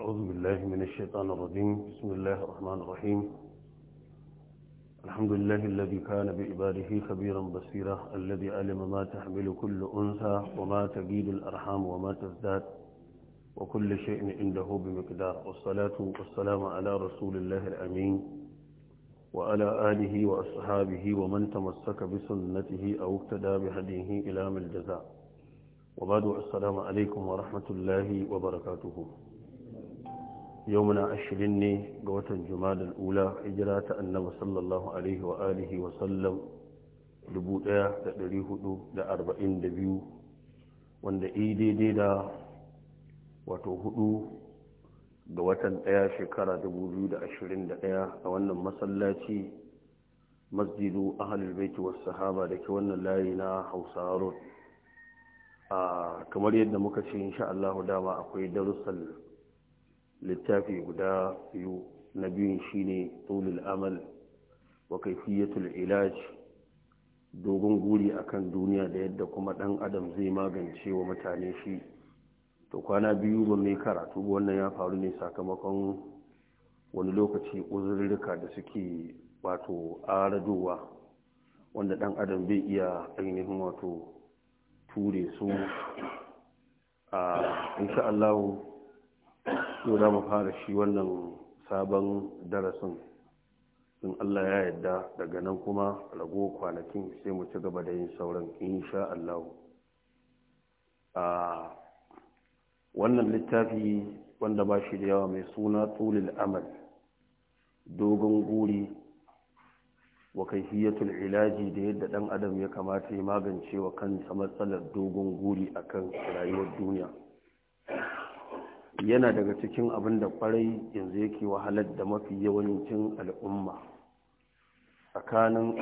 أعوذ بالله من الشيطان الرجيم بسم الله الرحمن الرحيم الحمد لله الذي كان بعباده خبيرا بصيرا الذي علم ما تحمل كل أنثى وما تجيد الأرحام وما تزداد وكل شيء عنده بمقدار والصلاة والسلام على رسول الله الأمين وعلى آله وأصحابه ومن تمسك بسنته أو اقتدى بهديه إلى من الجزاء وبعد السلام عليكم ورحمة الله وبركاته yau muna ashirin ne ga watan jumadal ula hijira ta annaba sallallahu alaihi wa alihi wa sallam 1442 wanda yi daidai da wato hudu ga watan daya shekara 2021 a wannan masallaci masjidu ahalul baiti wasu sahaba da ke wannan layi na hausa road a kamar yadda muka ce insha Allah dama akwai darussan littafi guda biyu na biyun shine tulul amal wa kaifiyatul ilaj dogon guri akan duniya da yadda kuma dan adam zai magance wa mutane shi to kwana biyu ba mai karatu wannan ya faru ne sakamakon wani lokaci uzurrika da suke wato aradowa wanda dan adam bai iya ainihin wato ture su a ah, insha Allah so za mu fara shi wannan sabon darasin in Allah ya yarda daga nan kuma rago kwanakin sai mu ci gaba da yin sauran insha Allah a wannan littafi wanda ba shi da yawa mai suna tsulil amal dogon guri wa kaifiyatul ilaji da yadda dan adam ya kamata ya magance wa kansa matsalar dogon guri akan rayuwar duniya yana daga cikin abin da kwarai yanzu yake wahalar da mafi yawancin al'umma tsakanin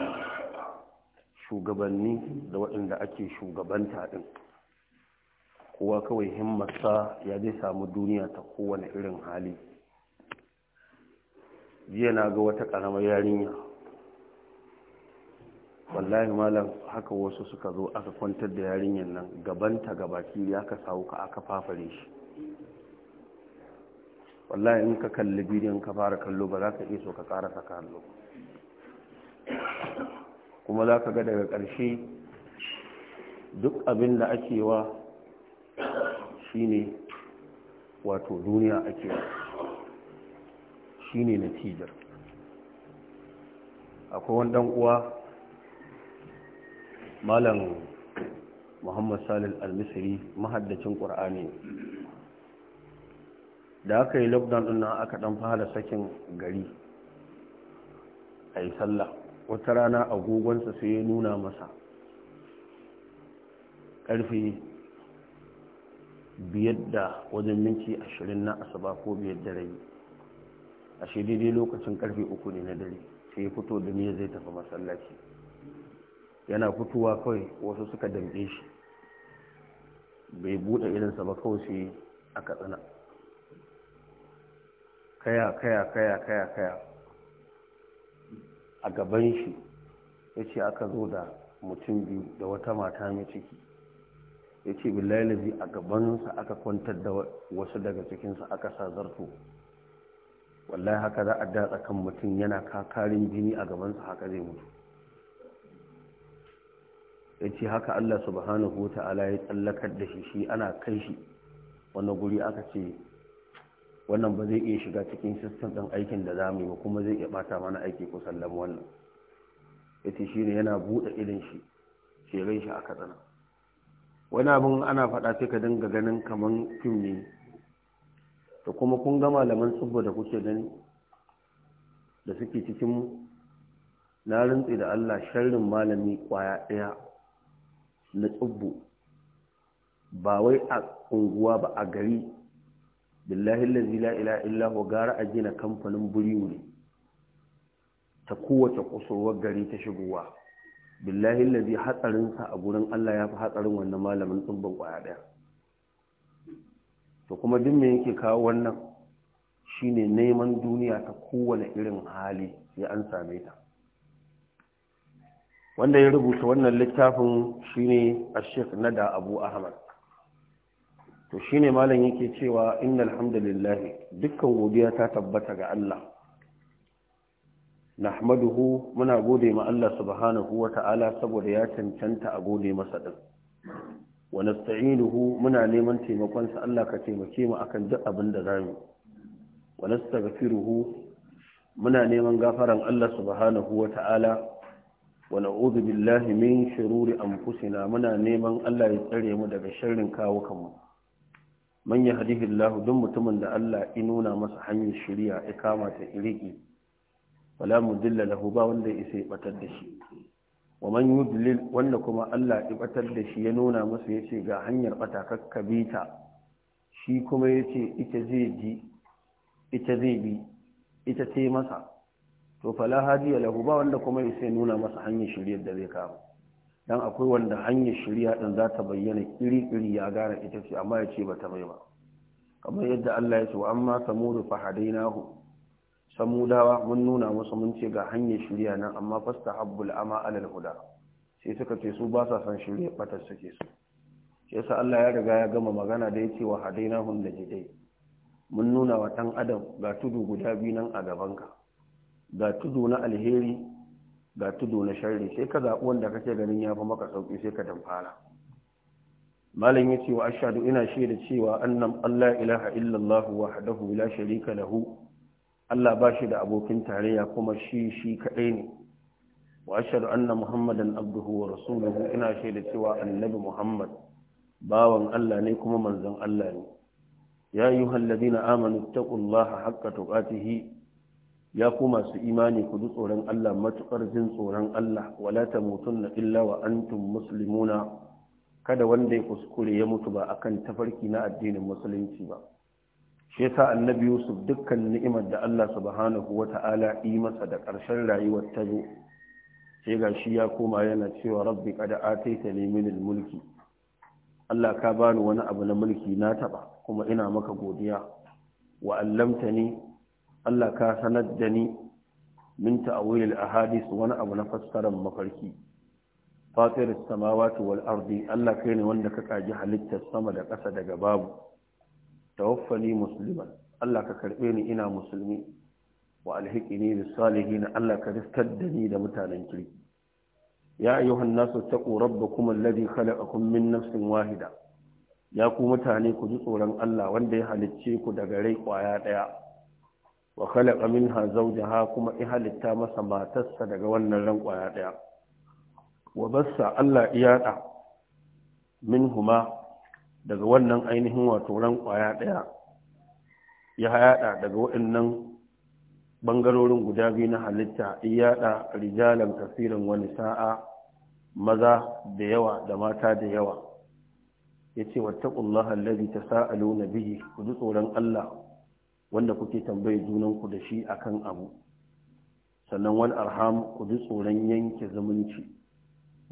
shugabanni da waɗanda ake shugabanta ɗin kowa kawai himmarsa ya zai samu duniya ta kowane irin hali jiya na ga wata ƙaramar yarinya wallahi malam haka wasu suka zo aka kwantar da yarinyar nan gabanta gabaki ya ka sauka aka fafare shi wallahi in ka kalli bidiyon ka fara kallo ba za ka iya so ka karasa kallo kuma za ka ga daga ƙarshe duk abin da ake wa shine wato duniya ake wa shine natijar akwai wani dan uwa malam muhammad salil al-misri mahaddacin ƙur'ani da aka yi lockdown din nan aka ɗan fara sakin gari a yi sallah wata rana agogonsa sai ya nuna masa ƙarfi biyar da wajen minti ashirin na asaba ko biyar da rai a daidai lokacin karfe uku ne na dare sai ya fito da niyyar zai tafi masallaci yana fitowa kawai wasu suka damɗe shi bai buɗe irinsa ba kawai sai aka tsana kaya kaya kaya kaya kaya a gaban shi ya ce aka zo da mutum biyu da wata mata mai ciki ya ce billahi a gabansa aka kwantar da wasu daga cikinsa aka sa zarto wallahi haka za a datsa kan mutum yana kakarin jini a gabansa haka zai mutu ya ce haka allah subhanahu wa ta'ala ya tsallakar da shi shi ana kai shi wani guri aka ce wannan ba zai iya shiga cikin sistem ɗin aikin da za mu yi kuma zai iya ɓata mana aiki ko sallama wannan ya ce shi ne yana buɗe irin shi shirin shi a katsina wani abin ana faɗa sai ka dinga ganin kamar fim ne da kuma kun ga malaman tsubba da kuke gani da suke cikin na rintsi da Allah sharrin malami kwaya ɗaya na tsubbu ba wai a unguwa ba a gari billahi lazi la ila illa wa gara a gina kamfanin buriwu ne ta kowace kusurwar gari ta shigowa billahi lazi hatsarinsa a gurin Allah ya fi hatsarin wannan malamin tsubban kwaya daya to kuma duk me yake kawo wannan shine neman duniya ta kowane irin hali ya an same ta wanda ya rubuta wannan littafin shine Ashek Nada Abu Ahmad to shi ne malam yake cewa innal alhamdulillah dukkan godiya ta tabbata ga Allah nahmaduhu muna gode ma Allah subhanahu wa ta'ala saboda ya cancanta a gode masa din wa nasta'inuhu muna neman taimakon sa Allah ka taimake mu akan duk abin da zamu wa nastaghfiruhu muna neman gafaran Allah subhanahu ta'ala. wa na'udhu billahi min shururi anfusina muna neman Allah ya tsare mu daga sharrin kawukanmu man yahdihi Allah duk mutumin da Allah ya nuna masa hanyar shari'a ya kama ta riƙe. wala mudilla lahu ba wanda ya isa ya batar da shi wa man yudlil wanda kuma Allah ya batar da shi ya nuna masa yace ga hanyar bata kakkabita shi kuma yace ita zai ji ita zai bi ita ce masa to fala hadiya lahu ba wanda kuma ya sai nuna masa hanyar shari'ar da zai kama dan akwai wanda hanyar shari'a din za ta bayyana iri-iri ya gane ita ce amma ya ce ba ta bai ba kamar yadda Allah ya ce wa amma samudu fa hadainahu samudawa mun nuna musu mun ce ga hanyar shirya nan amma habbul ama alal huda sai suka ce su ba sa san shirya batar suke su shi yasa Allah ya riga ya gama magana da ya ce wa hadainahu da jidai mun nuna wa dan adam ga tudu guda biyu nan a gabanka ga tudu na alheri ga tudu na sharri sai ka zaɓi wanda kake ganin ya fi maka sauƙi sai ka damfara malam ya ce wa ashadu ina shaida cewa annan allah ilaha illallah wahdahu la sharika lahu allah ba shi da abokin tarayya kuma shi shi kaɗai ne wa ashadu anna muhammadan abduhu wa rasuluhu ina shaida cewa annabi muhammad bawan allah ne kuma manzon allah ne ya ayyuhal ladina amanu taqullaha haqqa tuqatihi ya ku masu imani ku du tsoron Allah matuƙar jin tsoron Allah wala na illa wa antum muslimuna kada wanda ya kuskure ya mutu ba akan tafarki na addinin musulunci ba shi yasa annabi Yusuf dukkan ni'imar da Allah subhanahu wata'ala yi masa da ƙarshen rayuwar ta zo sai shi ya koma yana cewa rabbi qad ataitani min mulki Allah ka bani wani abu na mulki na taba kuma ina maka godiya wa allamtani Allah ka sanar da ni min ta'awilil ahadith wani abu na fassarar mafarki fatir samawati wal ardi Allah kai ne wanda ka kaji halittar sama da ƙasa daga babu tawaffani musliman Allah ka karbe ni ina musulmi wa alhiqini bis salihin Allah ka riskar da ni da mutanen kirki ya ayyuhan nasu taqu rabbakum alladhi khalaqakum min nafsin wahida ya ku mutane ku ji tsoron Allah wanda ya halicce ku daga rai kwaya ɗaya wa khalaqa minha zawjaha kuma ya halitta masa matarsa daga wannan ran kwaya daya wa bassa Allah iyada minhuma daga wannan ainihin wato ran kwaya daya ya yaɗa daga waɗannan bangarorin guda biyu na halitta iyada rijalan kasirin wani sa'a maza da yawa da mata da yawa yace wattaqullaha allazi tasaaluna bihi ku ji tsoron Allah wanda kuke tambaye junanku da shi akan abu sannan wani arham ku ji tsoron yanke zumunci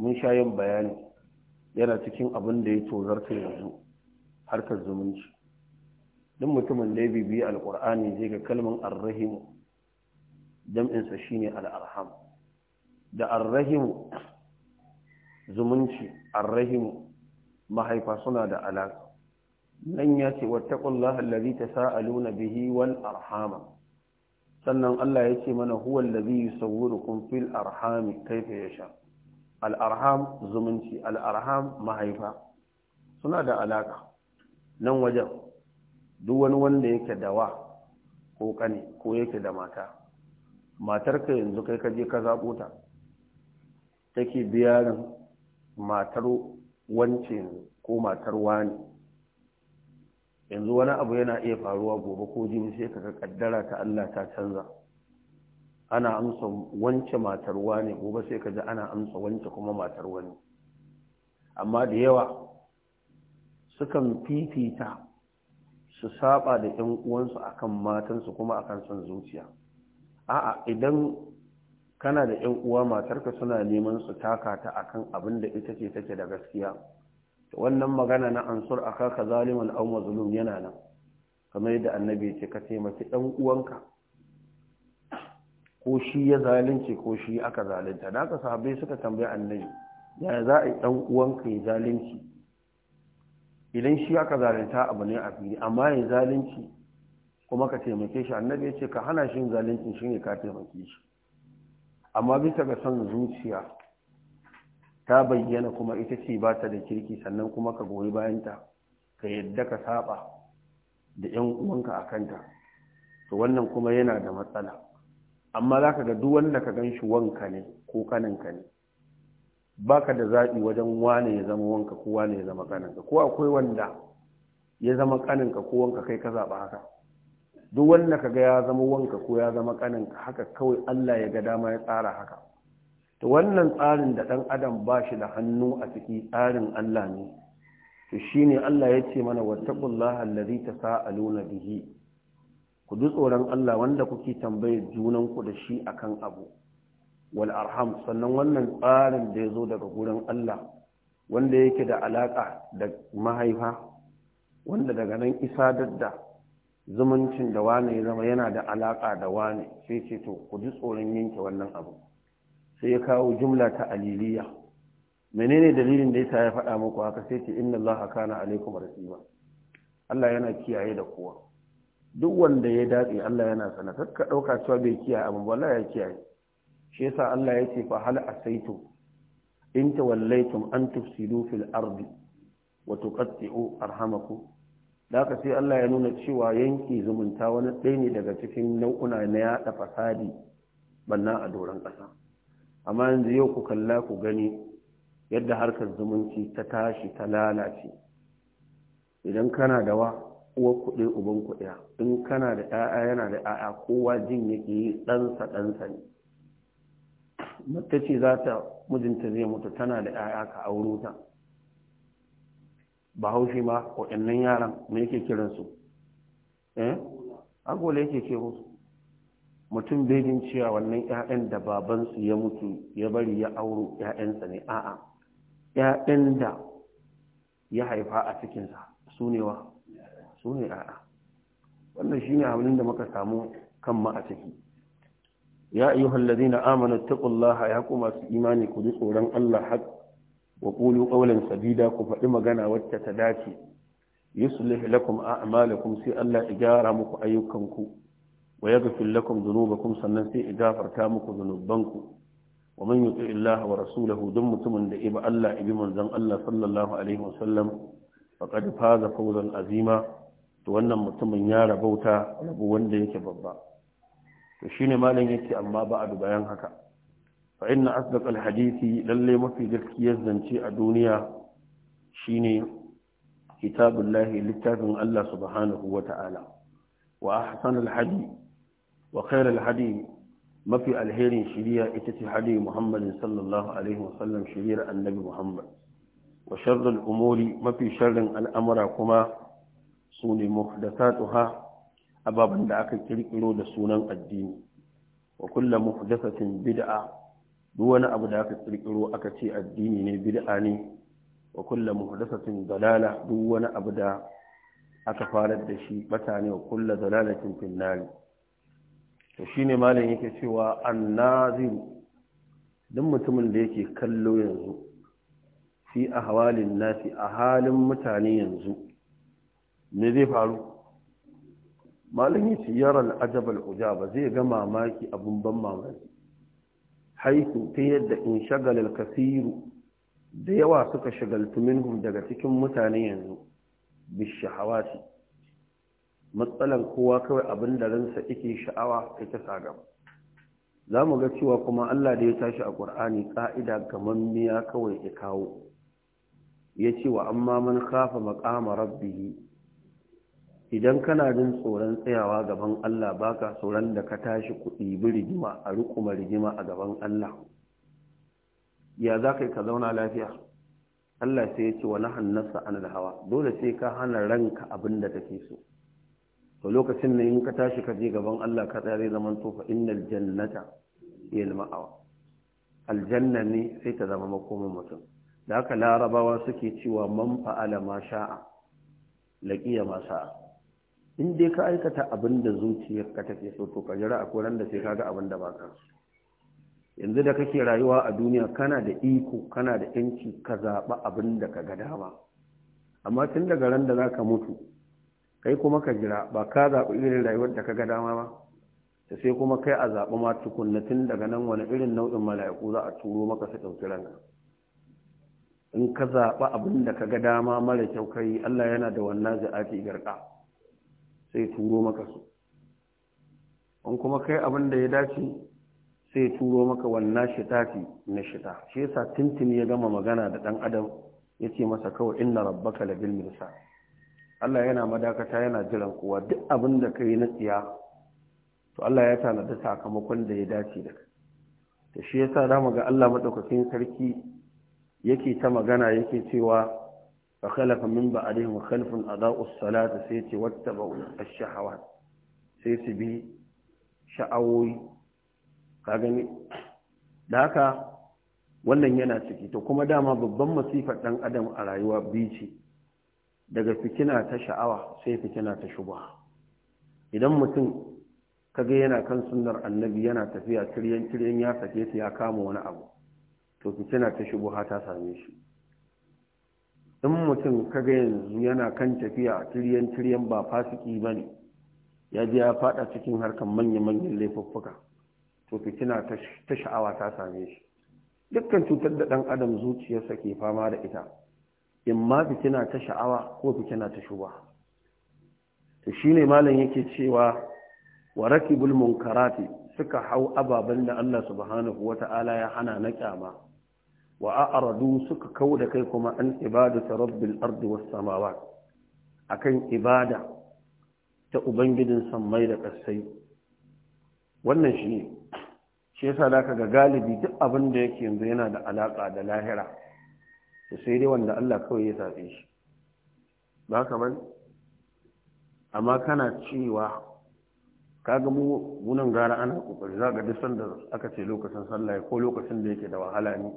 mun sha yin bayani yana cikin abin da ya tozarta yanzu harkar zumunci duk mutumin da ya bibiyi alkur'ani zai ga kalmin arrahimu jam'insa shine al'arham da arrahimu zumunci arrahimu mahaifa suna da alaƙa nan ya ce wattaqullaha allazi tasaaluna bihi wal arhama sannan Allah ya ce mana huwa allazi yusawwirukum fil arhami kayfa yasha al arham zumunci al arham mahaifa suna da alaka nan wajen duk wani wanda yake da wa ko kane ko yake da mata matarka yanzu kai ka je ka zaɓo ta take biyarin matar wance ko matar wani yanzu wani abu yana iya faruwa gobe ko jibi sai ka kaddara ta Allah ta canza ana amsa wance matar wani gobe sai ka ji ana amsa wance kuma matar wani amma da yawa sukan fifita su saba da ƴan uwansu akan matansu kuma akan son zuciya a'a idan kana da ƴan uwa matarka suna neman su taka ta akan abin da ita ce take da gaskiya wannan magana na ansur kaka zaliman au mazulun yana nan kamar yadda annabi ce ka taimaki dan uwanka ko shi ya zalunce ko shi aka zalunta da aka sahabbai suka tambayi annabi ya za a yi dan uwanka ya zalunci idan shi aka zalunta abu ne a fili amma ya zalunci kuma ka taimake shi annabi ya ce ka hana shi zalunci shi ne ka taimake shi amma bisa ga son zuciya ta bayyana kuma ita ce ba ta da kirki sannan kuma ka goyi bayanta ka yadda ka saba da ‘yan uwanka a kanta to wannan kuma yana da matsala amma za ka ga duk wanda ka gan shi wanka ne ko kaninka ne ba ka da zaɓi wajen wane ya zama wanka ko wane ya zama kaninka ko akwai wanda ya zama kaninka ko wanka kai ka zaɓa haka duk wanda ka ga ya zama wanka ko ya zama kaninka haka kawai Allah ya ga dama ya tsara haka to wannan tsarin da ɗan adam ba shi da hannu a ciki tsarin Allah ne to shine Allah ya ce mana wattaqullaha allazi na bihi ku du tsoron Allah wanda kuke tambaye junan ku da shi akan abu wal'arham sannan wannan tsarin da ya zo daga gurin Allah wanda yake da alaka da mahaifa wanda daga nan isa dadda zumuncin da wane ya zama yana da alaka da wane sai ce to ku ji tsoron yanke wannan abu sai ya kawo jumla ta aliliya menene dalilin da yasa ya faɗa muku haka sai ce inna allaha kana alaikum ba. Allah yana kiyaye da kowa duk wanda ya dace Allah yana sana kakka dauka cewa bai kiyaye amma wallahi ya kiyaye shi yasa Allah ya ce fa hal asaitu in tawallaitum an tufsidu fil ardi wa tuqatti'u arhamakum da haka sai Allah ya nuna cewa yanki zumunta wani ɗaya ne daga cikin nau'una na yaɗa fasadi banna a doron ƙasa amma yanzu yau ku kalla ku gani yadda harkar zumunci ta tashi ta lalace idan kana da wa uwar kuɗi uban kuɗi in kana da ɗaya yana da ɗaya kowa jin yake yi ɗansa ɗansa ne mata ce za ta mijinta zai mutu tana da ɗaya ka auro ta ba haushi ma waɗannan yaran me yake kiransu eh agole yake ce musu mutum bai jin cewa wannan 'ya'yan da babansu ya mutu ya bari ya auro 'ya'yansa ne a'a 'ya'yan da ya haifa a cikinsa su ne wa su ne a'a wannan shi ne abin da muka samu kanmu a ciki ya ayi hallazi na amana taƙullaha ya kuma su imani ku ji tsoron allah haƙ wa ƙulu ƙaunar sabida ku faɗi magana wacce ta dace yusulih lakum a'malakum sai allah ya gyara muku ayyukanku wa yaghfir zunuba dhunubakum sannan sai ya gafarta muku zunubanku. wa man yuti Allah wa rasulahu duk mutumin da iba Allah ibi manzon Allah sallallahu alaihi wasallam faqad faza fawzan azima to wannan mutumin ya rabauta rabu wanda yake babba to shine malam yake amma ba a bayan haka fa inna asdaq al hadisi lalle mafi gaskiyar zance a duniya shine kitabullahi littafin Allah subhanahu wa ta'ala wa ahsan al hadi وخير الحديث ما في الهير شريعة إتتي حديث محمد صلى الله عليه وسلم شريعة النبي محمد وشر الأمور ما في شر الأمر كما سون محدثاتها أبابا دعك كريكلو دسونا الدين وكل محدثة بدعة دون أبو دعك كريكلو أكتي الدين بدعاني وكل محدثة ضلالة دون أبدا أكفارت دشي بتاني وكل ضلالة في النار to shi ne malam yake cewa an annaziru don mutumin da yake kallo yanzu fi hawalin nasi a halin mutane yanzu me zai faru malam yace yaral ajabal ujaba zai ga mamaki abin ban mamaki haiku ta yadda in shagalar kasiru da yawa suka shagaltu minhum daga cikin mutane yanzu shi. matsalan kowa kawai abin da ransa yake sha'awa ya ta sa gaba za mu ga cewa kuma Allah da ya tashi a ƙur'ani ƙa'ida miya kawai ya kawo ya ce wa amma man kafa maƙama rabbihi idan kana jin tsoron tsayawa gaban Allah baka tsoron da ka tashi kuɗi bi rigima a rukuma rigima a gaban Allah ya za ka yi ka zauna lafiya Allah sai ya ce wa nahan nasa an hawa dole sai ka hana ranka abin da take so to lokacin nan in ka tashi ka je gaban Allah ka tsare zaman to fa innal jannata yal ma'awa aljanna ne sai ta zama makomin mutum da haka larabawa suke cewa man fa'ala ma sha'a laqiya ma sha'a in dai ka aikata abin da zuciyarka take so to ka jira akwai ran da sai kaga abin da baka yanzu da kake rayuwa a duniya kana da iko kana da yanci ka zaba abin da ka ga dama amma tun daga ran da zaka mutu kai kuma ka jira ba ka zaɓi irin rayuwar da ka ga dama ba da sai kuma kai a zaɓi ma tukunnatin daga nan wani irin nau'in mala'iku za a turo maka su ɗauki ranka in ka zaɓi abin da ka ga dama mara kyau kai Allah yana da wannan za'ati garka sai turo maka su in kuma kai abin da ya dace sai turo maka wannan shitati na shita shi yasa tintin ya gama magana da ɗan adam ya ce masa kawai inna rabbaka labil mirsad Allah yana madakata yana jiran kowa duk abin da ka yi na tsiya to Allah ya tanada sakamakon da ya dace da ka. da shi ya sa mu ga Allah maɗaukakin sarki yake ta magana yake cewa a khalafa min ba'dihim khalfun a as-salata sai ce wata wattaba'u ash-shahawat sai su bi sha'awoyi ka gani da haka wannan yana ciki to kuma dama babban masifar ɗan adam a rayuwa biyu ce. daga fikina ta sha'awa sai fikina ta shubha idan mutum ga yana kan sunnar annabi yana tafiya kiryan kiryan ya sake ta ya kama wani abu to fikina ta shubha ta same shi in mutum kaga yanzu yana kan tafiya kiryan kiryan ba fasiki bane ya ji ya fada cikin harkan manya-manyan laifuffuka to fikina ta sha'awa ta same shi dukkan cutar da ɗan adam zuciyarsa ke fama da ita in ma fitina ta sha'awa ko fitina ta shuba to shine malam yake cewa wa rakibul munkarati suka hau ababen da Allah subhanahu wata'ala ya hana na kyama wa a'radu suka kawo da kai kuma an ibadatu rabbil ardi was samawat akan ibada ta ubangijin sammai da kasai wannan shi shi yasa ka ga galibi duk abin da yake yanzu yana da alaka da lahira da sai dai wanda Allah kawai ya zaɓe shi ba kamar amma kana cewa kaga mu munan gara ana kokari za ga duk sanda aka ce lokacin sallah ko lokacin da yake da wahala ne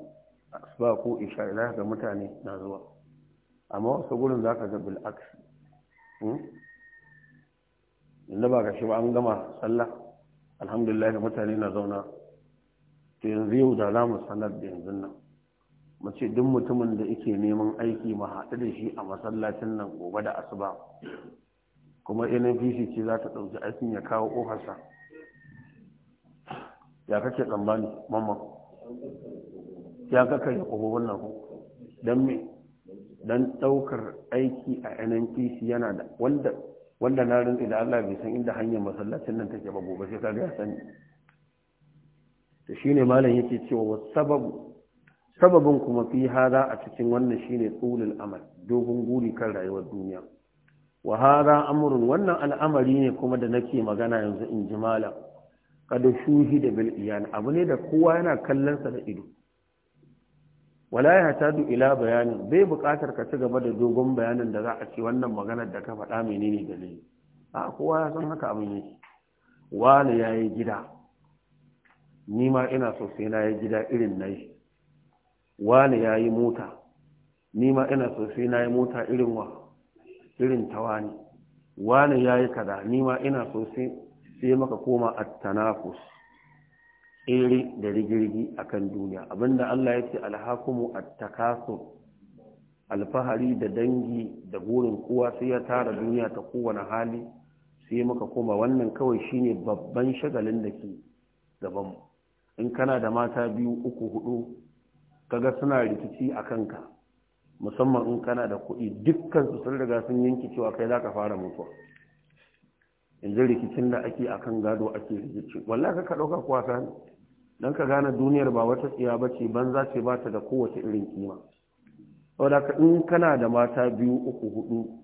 asuba ko isha za ga mutane na zuwa amma wasu gurin za ka ga bil aksi hmm? inda ba ka shi ba an gama sallah alhamdulillah mutane na zauna to yanzu yau da za mu sanar da yanzu nan mace duk mutumin da yake neman aiki ma haɗu da shi a masallacin nan gobe da asuba kuma nnpc ce za ta ɗauki aikin ya kawo ofarsa ya kake tsammani mamman ya kaka ya wannan nan don me don ɗaukar aiki a nnpc yana da wanda wanda na rinzi da allah bai san inda hanyar masallacin nan take ba gobe sai ka ga ya sani to shine malam yake cewa sababu sababin kuma fi hada a cikin wannan shine tsulul amal dogon guri kan rayuwar duniya wa hada amrun wannan al'amari ne kuma da nake magana yanzu in ji malam kada shuhi da bil iyan abu ne da kowa yana kallon sa da ido wala ya tadu ila bayanin bai buƙatar ka ci gaba da dogon bayanin da za a ce wannan maganar da ka faɗa menene dalili a kowa ya san haka abin yake wani yayi gida ni ma ina so sai na yi gida irin na nashi wani ya yi mota ni ma ina so na yi mota irin wa irin ta wani wani ya yi kada ni ma ina so sai maka koma a tanafus tsere da rigirgi a kan duniya abinda Allah ya ce alhakumu a takasu alfahari da dangi da burin kuwa sai ya tara duniya ta kowane hali sai maka koma wannan kawai shine babban shagalin da ke gabanmu in kana da mata biyu uku hudu kaga suna rikici a kanka musamman in kana da kuɗi dukkan su sun riga sun yanki cewa kai za ka fara mutuwa yanzu rikicin da ake a kan gado ake rikici wallah ka ɗauka kwasa ne don ka gane duniyar ba wata tsiya ba ce banza ce ba ta da kowace irin kima saboda ka in kana da mata biyu uku hudu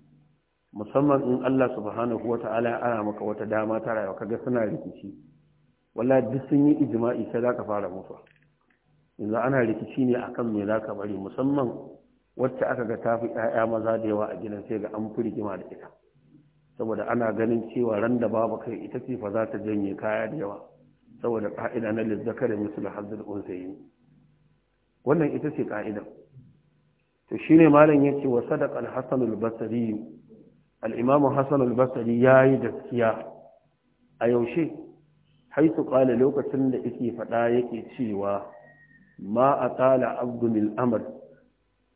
musamman in Allah subhanahu wa ta'ala ya ara maka wata dama ta rayuwa kaga suna rikici Walla duk sun yi ijma'i sai za ka fara mutuwa yanzu ana rikici ne akan me za ka bari musamman wacce aka ga tafi 'ya'ya maza da yawa a gidan sai ga an fi rigima da ita saboda ana ganin cewa ran da babu kai ita ce fa za ta janye kaya da yawa saboda ƙa'ida na lizzakar da hazzul unsayi wannan ita ce ka'idar to shi ne malam ya ce wa sadaka al-hasan al-basri al-imam hasan al-basri gaskiya a yaushe haitu kwale lokacin da yake fada yake cewa ma a tsala abdumil amr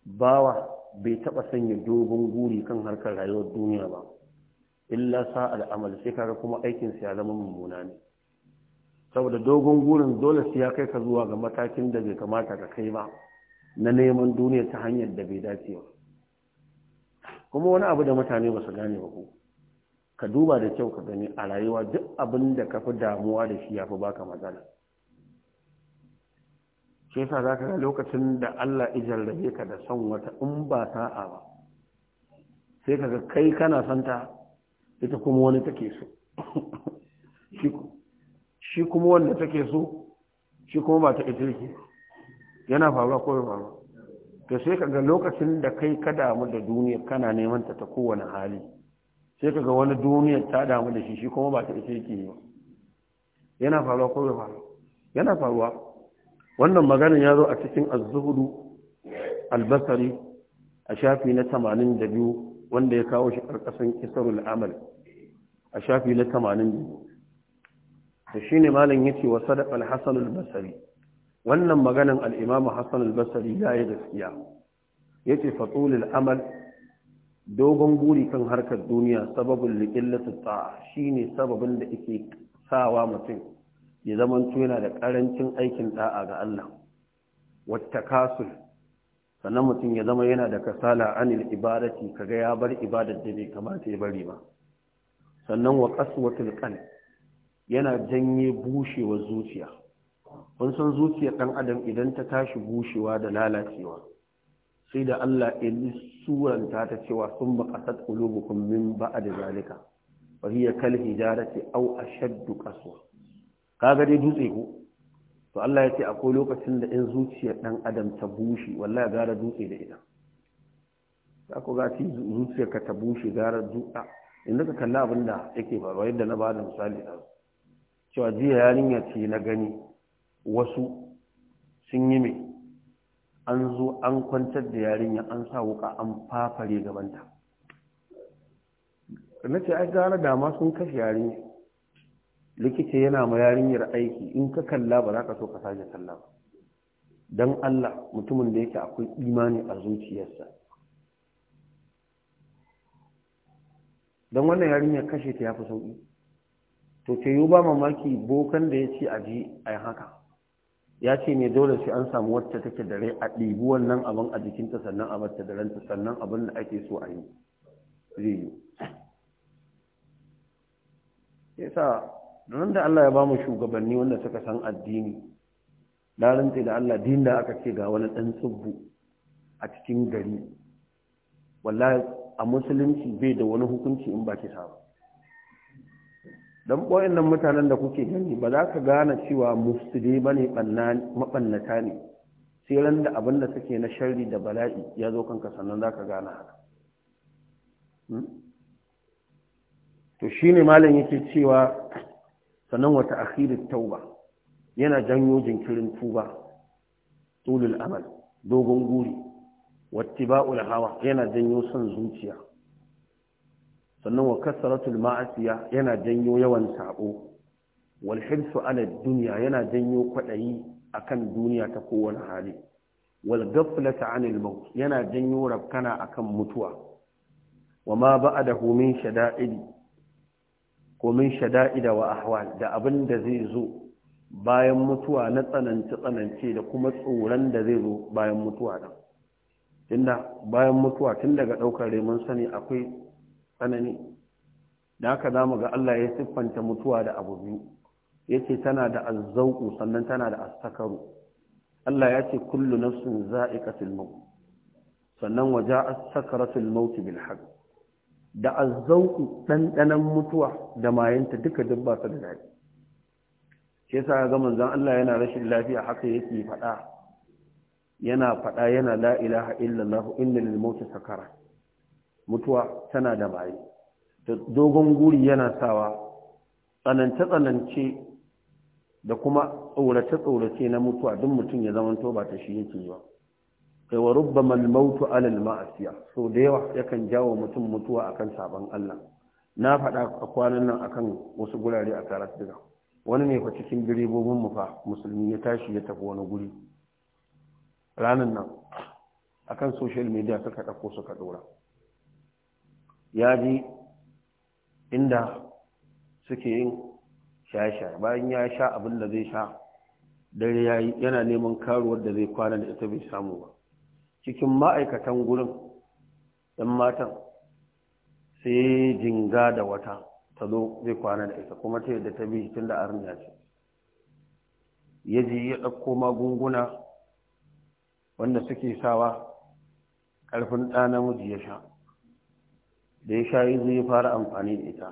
bawa bai taɓa sanya dogon guri kan harkar rayuwar duniya ba illa sa al'amal sai kaga kuma aikinsa ya zama mummuna ne saboda dogon gurin dole sai ya kai ka zuwa ga matakin da bai kamata ka kai ba na neman duniya ta hanyar da bai dace ba kuma wani abu da mutane ba su gane ba ko ka duba da kyau ka gani a rayuwa duk abin da ka fi damuwa da shi ya fi baka matsala shi yasa za ka ga lokacin da Allah ijallabe ka da son wata in ba sa'a ba sai ka ga kai kana santa ita kuma wani take so shi kuma wanda take so shi kuma ba ta ita yake yana faruwa ko faruwa to sai ka ga lokacin da kai ka damu da duniya kana neman ta ta kowane hali sai ka ga wani duniya ta damu da shi shi kuma ba ta ita yake yi ba yana faruwa ko faruwa yana faruwa wannan maganin ya zo a cikin az albasari al-basri a shafi na 82 wanda ya kawo shi karkashin kisar amal a shafi na 82 to shine malam yace wa sadaqa al al-basri wannan maganin al-imam hasan al-basri ya yi gaskiya ce fatul al-amal dogon guri kan harkar duniya sababin liƙillata ta shi ne sababin da ake sawa mutum ya zamanto yana da ƙarancin aikin ɗa'a ga Allah wata kasul sannan mutum ya zama yana da kasala anil ibadati kaga ya bar ibadar da bai kamata ya bari ba sannan wa qaswatul qalb yana janye bushewar zuciya kun san zuciyar ɗan adam idan ta tashi bushewa da lalacewa sai da Allah ya suranta ta cewa sun qasat qulubukum min ba'd zalika wa hiya kal hijarati aw ashaddu qaswa Ka ga dai dutse ko to Allah ya ce akwai lokacin da in zuciyar dan adam ta bushe wallahi gara dutse da ita za ku ga zuciyar ka ta bushe gara dutse inda ka kalla abin da yake faruwa yadda na bada misali da cewa jiya yarinya ce na gani wasu sun yi mai an zo an kwantar da yarinya an sa wuka an fafare gabanta na ce ai gara dama sun kashe yarinya likita yana ma yarinyar aiki in ka kalla ba za ka so ka sake kalla ba don Allah mutumin da yake akwai imani a zuciyarsa don wannan yarinyar kashe ta ya fi sauƙi to ce yi ba mamaki bokan da ya ce a ji a yi haka ya ce ne dole sai an samu wacce take da rai a ɗibi wannan abin a jikinta sannan a da ranta sannan abin da ake so a yi zai yi nan da Allah ya ba mu shugabanni wanda suka san addini na rantse da Allah din da aka ce ga wani dan tsubbu a cikin gari wallahi a musulunci bai da wani hukunci in ba ki saba don ɓoyin nan mutanen da kuke gani ba za ka gane cewa musulmi ba ne maɓannata ne sai ran da abin da suke na sharri da bala'i ya zo kanka sannan za ka gane haka hmm? to shi ne malam yake cewa sannan wata akhirin tauba yana janyo jinkirin tuba tulul amal dogon guri wattiba'ul hawa yana janyo son zuciya sannan wa kasratul ma'asiya yana janyo yawan sabo wal hirsu ala dunya yana janyo kwadayi akan duniya ta kowane hali wal ghaflata anil maut yana janyo rabkana akan mutuwa wa ma ba'adahu min shada'idi wa min shada'ida wa ahwal da abin da zai zo bayan mutuwa na tsanance tsanance da kuma tsoron da zai zo bayan mutuwa din tunda bayan mutuwa tun daga daukar reman sani akwai tsanani da haka mu ga Allah ya siffanta mutuwa da abu biyu yace tana da azzauku sannan tana da astakaru Allah ya ce kullu nafsin za'iqatul maut sannan waja'a sakaratul maut bil haqq da azzauku ɗanɗanon mutuwa da mayanta duka duk ba da daɗi shi yasa ga manzon Allah yana rashin lafiya haka yake faɗa yana faɗa yana la ilaha illallah inna lil maut sakara mutuwa tana da maye dogon guri yana sawa tsanance tsanance da kuma tsorace tsorace na mutuwa duk mutum ya zamanto ba ta shi yake yi ba kai wa rubbama al-mautu ala al-ma'asiya so da yawa yakan jawo mutum mutuwa akan sabon Allah na faɗa a kwanan nan akan wasu gurare a karatuka wani ne fa cikin direbobin mu fa musulmi ya tashi ya tafi wani guri ranan nan akan social media suka ɗauko suka ɗora ya ji inda suke yin shaye-shaye bayan ya sha abin da zai sha dare ya yana neman karuwar da zai kwana da ita bai samu ba cikin ma'aikatan gurin 'yan matan sai jinga da wata ta zo zai kwana da ita kuma ta yadda ta bi tun da arniya ce ya ji ya ɗauko magunguna wanda suke sawa ƙarfin ɗa namiji ya sha da ya sha yi zai fara amfani da ita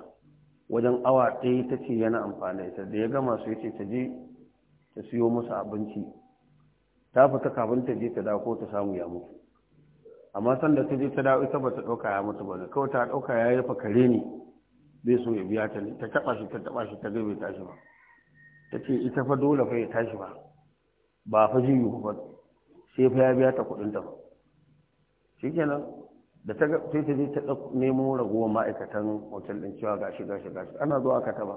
wajen awa ɗaya ta ce yana amfani da ita da ya gama su yace ta je ta siyo musu abinci ta fita kafin ta je ta dawo ko ta samu ya mutu amma sanda ta je ta dawo ita ba ta ɗauka ya mutu ba ne. kawai ta ɗauka ya yi fakare ne bai so ya biya ta ne ta taɓa shi ta taɓa shi ta bai tashi ba ta ce ita fa dole fa ya tashi ba ba fa ji yi ba sai fa ya biya ta kuɗin ta ba shi da ta sai ta je ta nemo ragowar ma'aikatan hotel din cewa gashi gashi gashi ana zuwa aka taba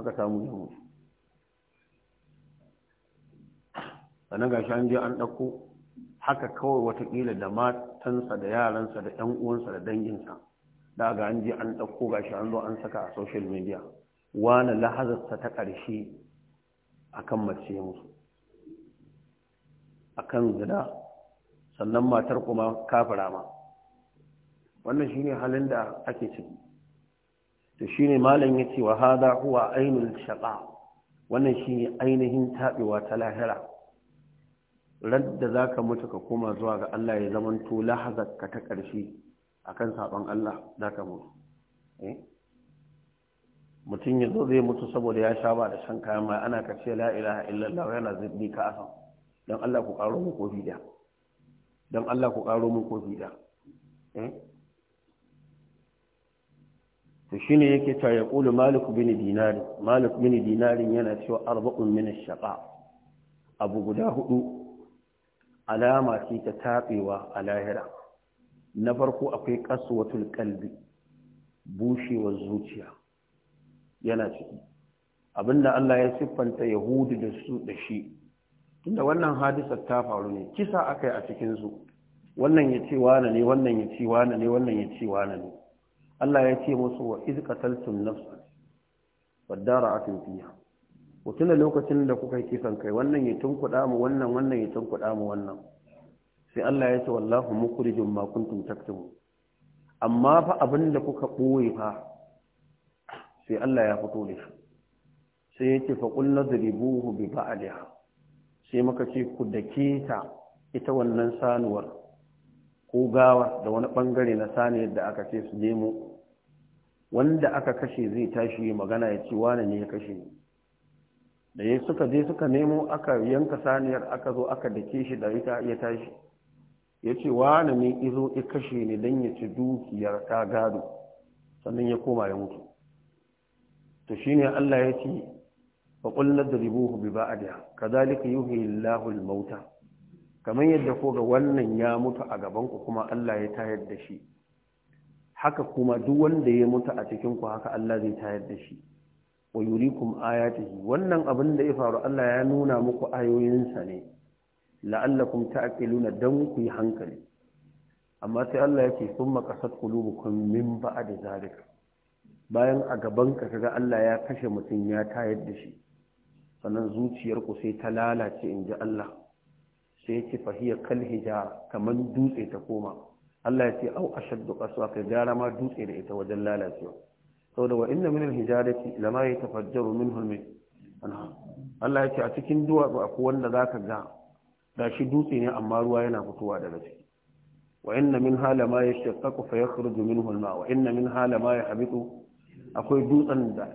aka samu ya mutu sannan shi an je an ɗauko haka kawai watakila da matansa da yaransa da ‘yan uwansa da danginsa da ga an je an ɗauko ga shi an zo an saka a social media wani lahazarsa ta ƙarshe a kan mace musu a kan gida sannan matar kuma kafira ma wannan shine halin da ake ciki to shine malam ya ce wa kuwa huwa ainihin shaqa wannan shine ainihin taɓewa ta lahira da za ka mutu ka koma zuwa ga Allah ya zaman to lahazar ka ta ƙarshe a kan saɓon Allah za ka mutu eh? mutum ya zo zai mutu saboda ya sha ba da shan kayan mai ana ka ce la'ilaha illallah yana zirni ka asan don Allah ku ƙaro mu kofi da don Allah ku ƙaro mu kofi da eh? to shine yake ta ya ƙulu malik bin dinari malik bin dinarin yana cewa arba'un min shaƙa. abu guda hudu alama ce ta taɓewa a lahira na farko akwai ƙasuwatul kalbi bushewar zuciya yana ciki abinda Allah ya siffanta yahudu da su da shi tunda wannan hadisar ta faru ne kisa akai a cikinsu. wannan ya ce wane ne wannan ya ce wane ne wannan ya ce wane ne Allah ya ce musu wa iz qataltum nafsan waddara'atun fiha ku tuna lokacin da kuka yi kisan kai wannan ya tunkuɗa mu wannan wannan ya tunkuɗa mu wannan sai Allah ya ce wallahu mukhrijum ma kuntum taktumun amma fa abin da kuka boye fa sai Allah ya fito da shi sai yake fa qul nadribuhu bi ba'liha sai muka ce ku dake ta ita wannan sanuwar ko gawa da wani bangare na saniyar da aka ce su nemo wanda aka kashe zai tashi magana ya ce wane ne ya kashe ni da ya suka je suka nemo aka yanka saniyar aka zo aka dake shi da ita ya tashi ya ce wani mai izo ya kashe ne don ya ci dukiyar ta gado sannan ya koma ya mutu to shi ne Allah ya ce fa qul nadribuhu bi da kadhalika yuhyi yi lahul mauta kamar yadda ko ga wannan ya mutu a gaban ku kuma Allah ya tayar da shi haka kuma duk wanda ya mutu a cikinku haka Allah zai tayar da shi wa yurikum ayatihi wannan abin da ya faru Allah ya nuna muku ayoyinsa ne la'allakum ta'qiluna dan ku yi hankali amma sai Allah ya ce thumma qasat qulubukum min ba'di zalik bayan a gaban ka kaga Allah ya kashe mutum ya tayar da shi sannan zuciyar ku sai ta lalace in ji Allah sai ya ce fahiya kal hijara kaman dutse ta koma Allah ya ce au ashaddu qaswa ka gara ma dutse da ita wajen lalacewa saboda wa inna min al-hijarati lama yatafajjaru minhu Allah ya ce a cikin duwatsu akwai wanda zaka ga shi dutse ne amma ruwa yana fitowa daga ciki wa inna min hala ma yashaqqaqu fa yakhruju minhu al wa inna min hala ma yahbitu akwai dutsen da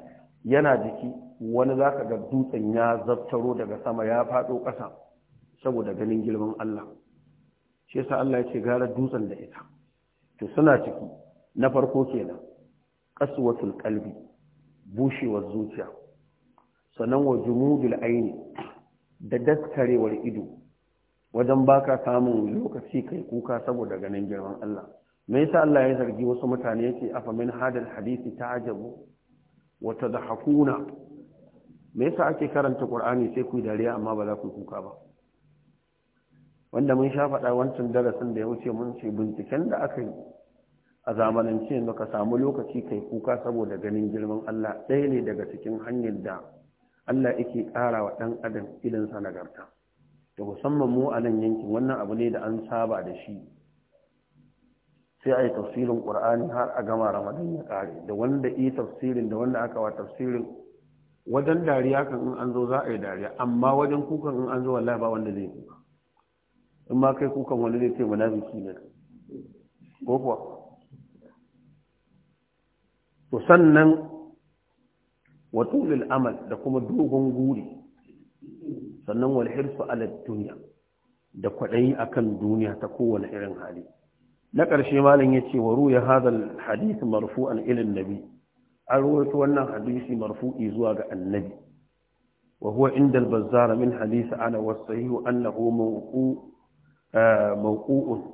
yana jiki wani zaka ga dutsen ya zaftaro daga sama ya fado ƙasa saboda ganin girman Allah shi yasa Allah ya ce gara dutsen da ita to suna ciki na farko kenan kasuwatul qalbi bushewar zuciya sannan wa jumudul aini da daskarewar ido wajen baka samun lokaci kai kuka saboda ganin girman Allah me yasa Allah ya zargi wasu mutane yake afa min hadal hadisi ta ta'ajabu wa tadhakuna me yasa ake karanta Qur'ani sai ku dariya amma ba za ku kuka ba wanda mun sha faɗa wancan darasin da ya wuce mun ce binciken da aka yi a zamanance yanzu ka samu lokaci kai kuka saboda ganin girman Allah ɗaya ne daga cikin hanyar da Allah yake ƙara wa ɗan adam ilinsa nagarta da musamman mu a nan yankin wannan abu ne da an saba da shi sai a yi tafsirin ƙur'ani har a gama ramadan ya ƙare da wanda yi tafsirin da wanda aka wa tafsirin wajen dariya kan in an zo za a yi dariya amma wajen kukan in an zo wallahi ba wanda zai kuka in ma kai kukan wani zai ce munafiki ne ko kuwa وسنن وطول الامل ده كما دوغون غوري سنن والحرص على الدنيا ده كدي اكن دنيا تا كوول ايرن حالي لا قرشي مالن يتي ورو هذا الحديث مرفوعا الى النبي اروت وانا حديث مرفوع يزوا غا النبي وهو عند البزار من حديث انا والصحيح انه موقوع آه، موقوع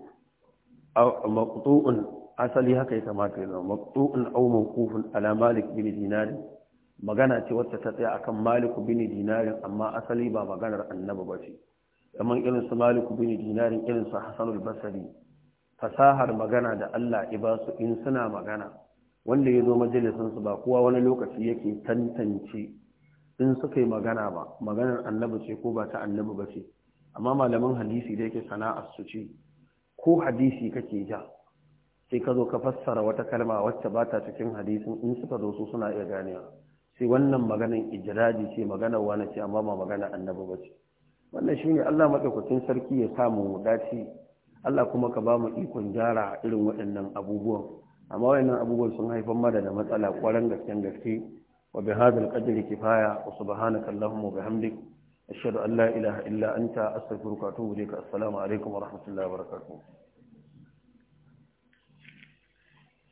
او مقطوع asali haka ya kamata ya zama maqtu'un aw mawqufun ala malik bin dinar magana ce wacce ta tsaya akan malik bin dinar amma asali ba maganar annabi ba ce kamar irin su malik bin dinar irin su hasan al-basri fasahar magana da Allah ibasu in suna magana wanda ya zo majalisin su ba kowa wani lokaci yake tantance in suka yi magana ba maganar annabi ce ko ba ta annabi ba ce amma malaman hadisi da yake sana'ar su ce ko hadisi kake ja sai ka zo ka fassara wata kalma wacce ba ta cikin hadisin in suka zo su suna iya ganewa sai wannan maganan ijiradi ce maganar wani ce amma ba magana annabi ba ce wannan shine Allah madaukakin sarki ya mu dace Allah kuma ka ba mu ikon gyara irin waɗannan abubuwan amma waɗannan abubuwan sun haifar mada da matsala kwaran gasken gaske wa bihadhal qadri kifaya wa subhanaka allahumma wa bihamdika illa أن لا إله إلا أنت أستغفرك وأتوب إليك السلام wa ورحمة الله وبركاته